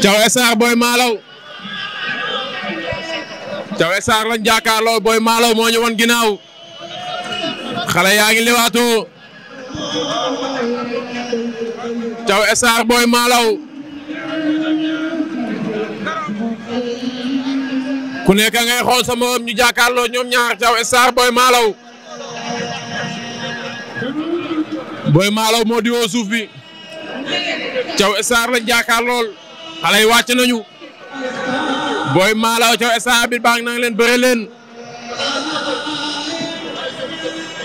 Thiaw Star Boy Malaw Thiaw Star lañ Boy Malaw moo ñu won ginnaaw xale yaa ngi liwaatoo Thiaw Star Boy Malaw ku nekk ngay xool sa moom ñu jàkkaarloo ñoom ñaar Thiaw Star Boy Malaw Boy Malaw moo diwoo suuf bi Thiaw Star lañ jàkkaarlool xale yi wàcc nañu booy maalaw caw instant bi baax na leen bëre leen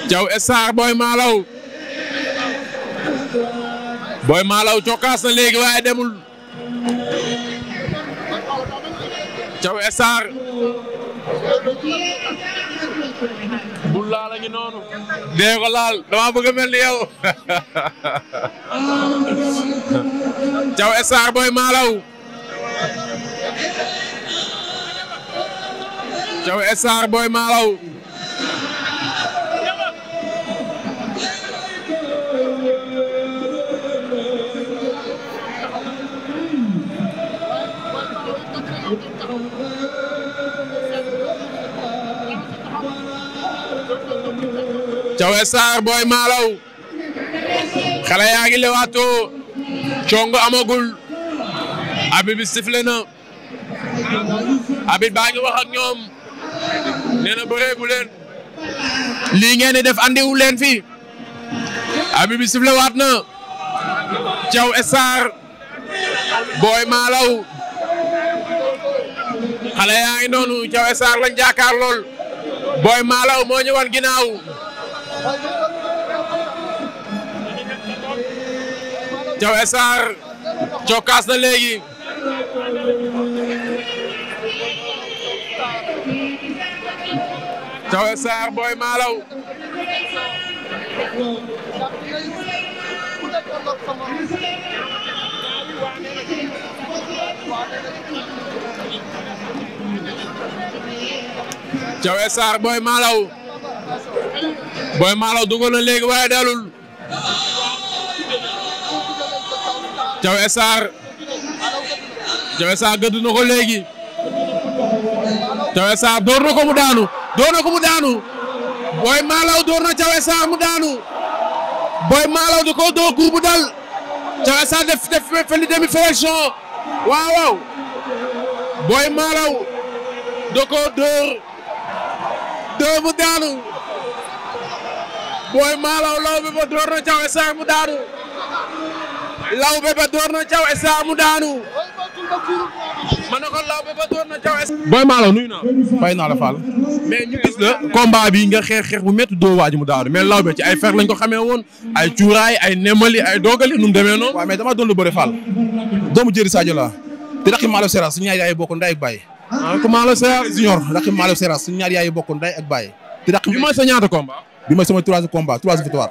caw instant booy maalaw booy maalaw cokkaas na léegi waaye demul caw instant bu laal a ngi noonu. laal dama bëgg ni yow. Diaw Star Boy Malaw Diaw Star Boy Malaw Diaw yaa ngi lewaatoo congo amagul abi bi na abi baa ngi wax ak ñoom nee na bëree def andiwu leen fii abi bi waat na Thiaw Star Boy Malaw xale yaa ngi noonu Thiaw Star lañ jàkkaar lool Boy Malaw moo ñëwan ginnaaw Diaw Star cokkaas na léegi Diaw Star Boy Malaw Diaw Star Boy Malaw Boy Malaw dugal na léegi waaye dalul Jawe Sarr Jawe Sarr gëdd na ko léegi Jawe Sarr door na ko mu daanu door na ko mu daanu Boy Malaw door na Jawe Sarr mu daanu Boy Malaw da ko door gur bu dal Jawe Sarr def demi flexion waaw waaw Boy Malaw ko door door mu daanu Boy Malaw law bi ba door na Jawe Sarr mu daanu. Lawbe ba door na Thiaw Essa mu daanu. ma ne ko na Thiaw Essa. Boy Malaw nuyu naa. fay naa la Fall. mais ñu gis la combat bi nga xeex xeex bu métti doo waaj mu daanu mais Lawbe ci ay fer lañ ko xamee woon ay cuuraay ay nemali ay dogali nu mu demee noonu. waaw mais damaa doon lu bëri Fall. doomu jëri Sadio la di rakki Malaw Seras suñu ñaari yaay bokk ndey ak baay. ah ku Malaw Seras junior rakki Malaw Seras suñu ñaari yaay bokk ndey ak baay. di rakki bi mooy sa ñaata combat. bi mooy sama troisième combat troisième victoire.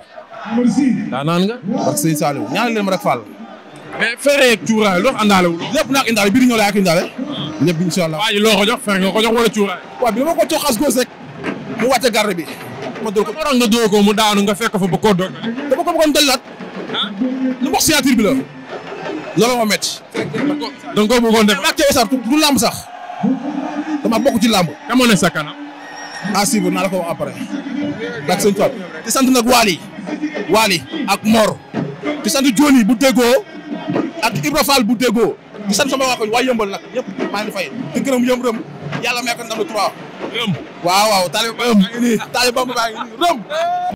daa naan nga. ak sëñ Saliou ñaanal leen ma rek Fall. mais fere yeeg loo àndaale wu. lépp naa ko indaale biir ñëw laa ko indaale. lépp incha allah waa ji loo ko jox fere nga ko jox wala cuuraay. waaw bi ma ko jox as góos mu wàcce garde ma dóor ko ma nga dóor ko mu daanu nga fekk fa ba koo doog. dama ko bëggoon dalaat. Ah? lu wax signature bi la. loolu moo métti. donc koo bëggoon def. ak sax du bokk ci làmb. ka moo ne sa kanam. ah naa la ko wax après. di sant nag Waly Waly ak Mor di sant Joni bu déggoo ak Ibra Fall bu déggoo di sant sama waa ko waay yëmbal nag ñëpp maa ngi fay di gërëm yëm rëm yàlla may ko ndam lu trois rëm waaw waaw taalibe ba ngi nii taalibe ba ngi